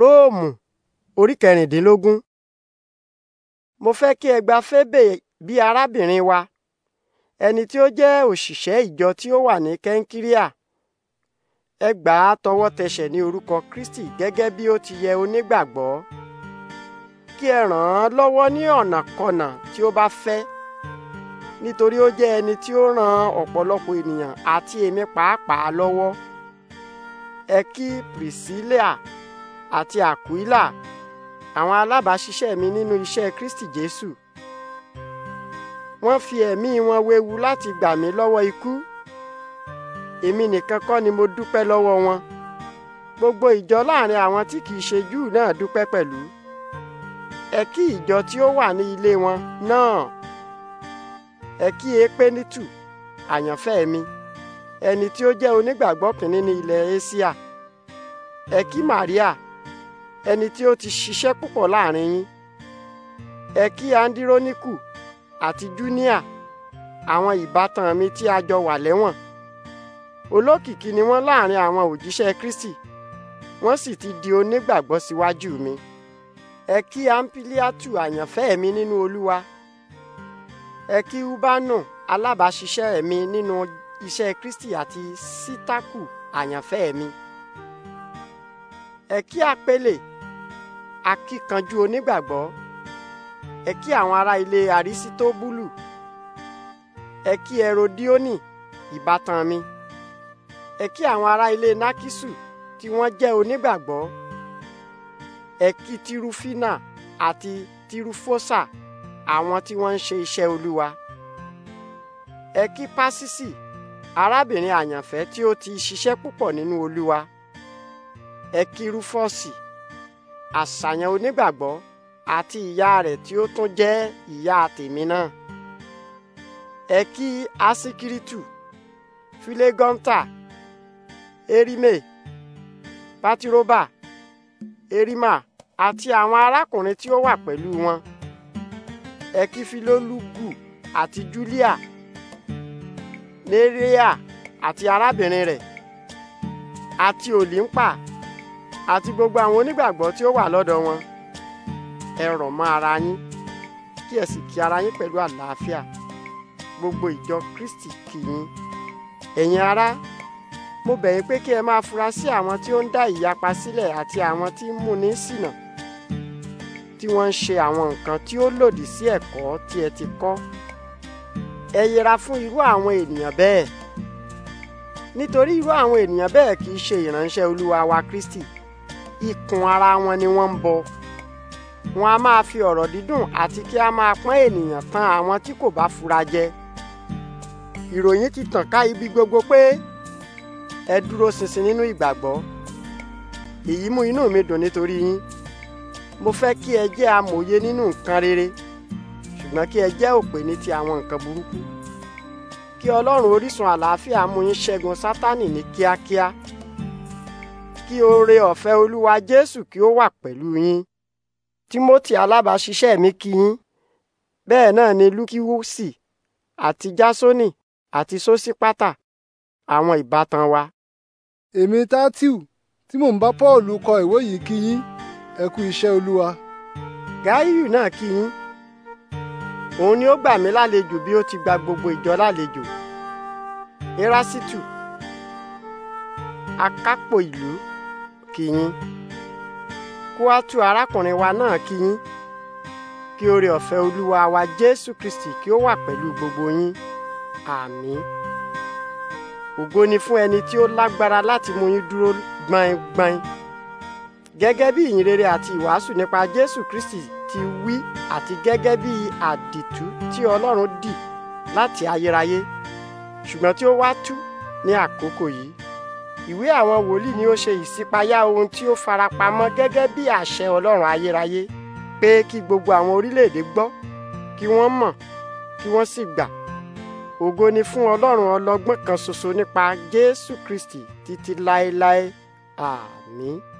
róòmù orí kẹrìndínlógún. mo fẹ́ kí ẹ gba fébè bí arábìnrin wa ẹni tí ó jẹ́ òṣìṣẹ́ ìjọ tí ó wà ní kẹ́ńkíríà ẹ gbà á tọwọ́ tẹsẹ̀ ní orúkọ kristi gẹ́gẹ́ bí ó ti yẹ onígbàgbọ́ kí ẹ ràn án lọ́wọ́ ní ọ̀nàkọnà tí ó bá fẹ́ nítorí ó jẹ́ ẹni tí ó ran ọ̀pọ̀lọpọ̀ ènìyàn àti èmi pàápàá lọ́wọ́ ẹ kí Priscilla àti Àkúílà àwọn alábàáṣiṣẹ́ mi nínú iṣẹ́ Kristi Jésù wọ́n fi ẹ̀mí wọn wewu láti gbà mí lọ́wọ́ ikú èmi nìkan kọ́ ni mo dúpẹ́ lọ́wọ́ wọn gbogbo ìjọ láàrin àwọn tí kìí ṣe Júù náà dúpẹ́ pẹ̀lú ẹ kí ìjọ tí ó wà ní ilé wọn náà ẹ kí Epenitù àyànfẹ́ mi ẹni tí ó jẹ́ onígbàgbọ́ kìíní ilẹ̀ Éṣíà ẹ kí ẹni tí ó ti ṣiṣẹ́ púpọ̀ láàrin yín ẹ kí andiróníkù àti júníà àwọn ìbátan mi tí a jọ wà lẹ́wọ̀n olókìkí ni wọ́n láàrin àwọn òjíṣẹ́ kristi wọ́n sì ti di onígbàgbọ́ síwájú mi ẹ kí ampiliatu àyànfẹ́ mi nínú olúwa ẹ kí ubanu alábàáṣiṣẹ́ mi nínú iṣẹ́ kristi àti sitaku àyànfẹ́ mi ẹ kí apele akíkanjú onígbàgbọ́ ẹ kí àwọn ará ilé àrísítóbúlù ẹ kí ẹrodíónì ìbátan mi ẹ kí àwọn ará ilé nákísù tí wọ́n jẹ́ onígbàgbọ́ ẹ kí tirufina àti tirufosa àwọn tí wọ́n ń ṣe iṣẹ́ olúwa ẹ kí pásísì arábìnrin àyànfẹ́ tí ó ti ṣiṣẹ́ púpọ̀ nínú olúwa ẹ kí rúfọ́ọ̀sì àṣàyàn onígbàgbọ́ àti ìyá rẹ̀ tí ó tún jẹ́ ìyá tèmi náà ẹ kí asikiritu filegọ́ńtà erime patiroba erima àti àwọn arákùnrin tí ó wà pẹ̀lú wọn ẹ kí filolugu àti julia nerea àti arábìnrin rẹ̀ àti olimpa àti gbogbo àwọn onígbàgbọ́ tí ó wà lọ́dọ̀ wọn ẹ rọ̀ mọ́ ara yín kí ẹ sì kí ara yín pẹ̀lú àlàáfíà gbogbo ìjọ Kristi kí yín ẹ̀yin ará mo bẹ̀ yín pé kí ẹ máa fura sí àwọn tí ó ń dá ìyapa sílẹ̀ àti àwọn tí ń múni ṣìnà tí wọ́n ń ṣe àwọn nǹkan tí ó lòdì sí ẹ̀kọ́ tí ẹ ti kọ́ ẹ yẹra fún irú àwọn ènìyàn bẹ́ẹ̀ nítorí irú àwọn ènìyàn bẹ́ẹ̀ kì í ṣe ìránṣẹ́ Olúwa wa Kristi ikùn ara wọn ni wọ́n ń bọ wọn a máa fi ọ̀rọ̀ dídùn àti kí a máa pọ́n ènìyàn tán àwọn tí kò bá fura jẹ ìròyìn ti tàn ká ibi gbogbo pé ẹ dúró ṣinṣin nínú ìgbàgbọ́ èyí mú inú mi dùn nítorí yín mo fẹ́ kí ẹ jẹ́ amòye nínú nǹkan rere ṣùgbọ́n kí ẹ jẹ́ òpè ní ti àwọn nǹkan burúkú kí ọlọ́run orísun àlàáfíà mú yín ṣẹ́gun sátánì ní kíákíá. Kíá kí oore ọ̀fẹ́ olúwa jésù kí ó wà pẹ̀lú yín timothy alábàáṣiṣẹ́ mi kí yín bẹ́ẹ̀ náà ni lukiwusi àti jasoni àti sosipata àwọn ìbátan wa. èmi tátíù tí mò ń bá paul kọ ìwé yìí kí yín ẹ kú iṣẹ́ olúwa. gáíyù náà kí yín òun ni ó gbà mí lálejò bí ó ti gba gbogbo ìjọ lálejò erasitu akápò ìlú kí yín kóátù arákùnrin wa náà kí yín kí oore ọ̀fẹ́ olúwa wa jésù kristi kí ó wà pẹ̀lú gbogbo yín àmín ògo ni fún ẹni tí ó lágbára láti mú yín dúró gbaingbain gẹ́gẹ́ bí ìyìnrere àti ìwàásù nípa jésù kristi ti wí àti gẹ́gẹ́ bí àdìtú tí ọlọ́run dì láti ayérayé ṣùgbọ́n tí ó wá tú ní àkókò yìí ìwé àwọn wòlíì ni ó ṣe ìṣípayá ohun tí ó farapamọ́ gẹ́gẹ́ bí àṣẹ Ọlọ́run ayérayé pé kí gbogbo àwọn orílẹ̀-èdè gbọ́ kí wọ́n mọ̀ kí wọ́n sì gbà ògo ni fún Ọlọ́run ọlọ́gbọ́n kan ṣoṣo nípa Jésù Kristi títí láéláé àmín. Ah,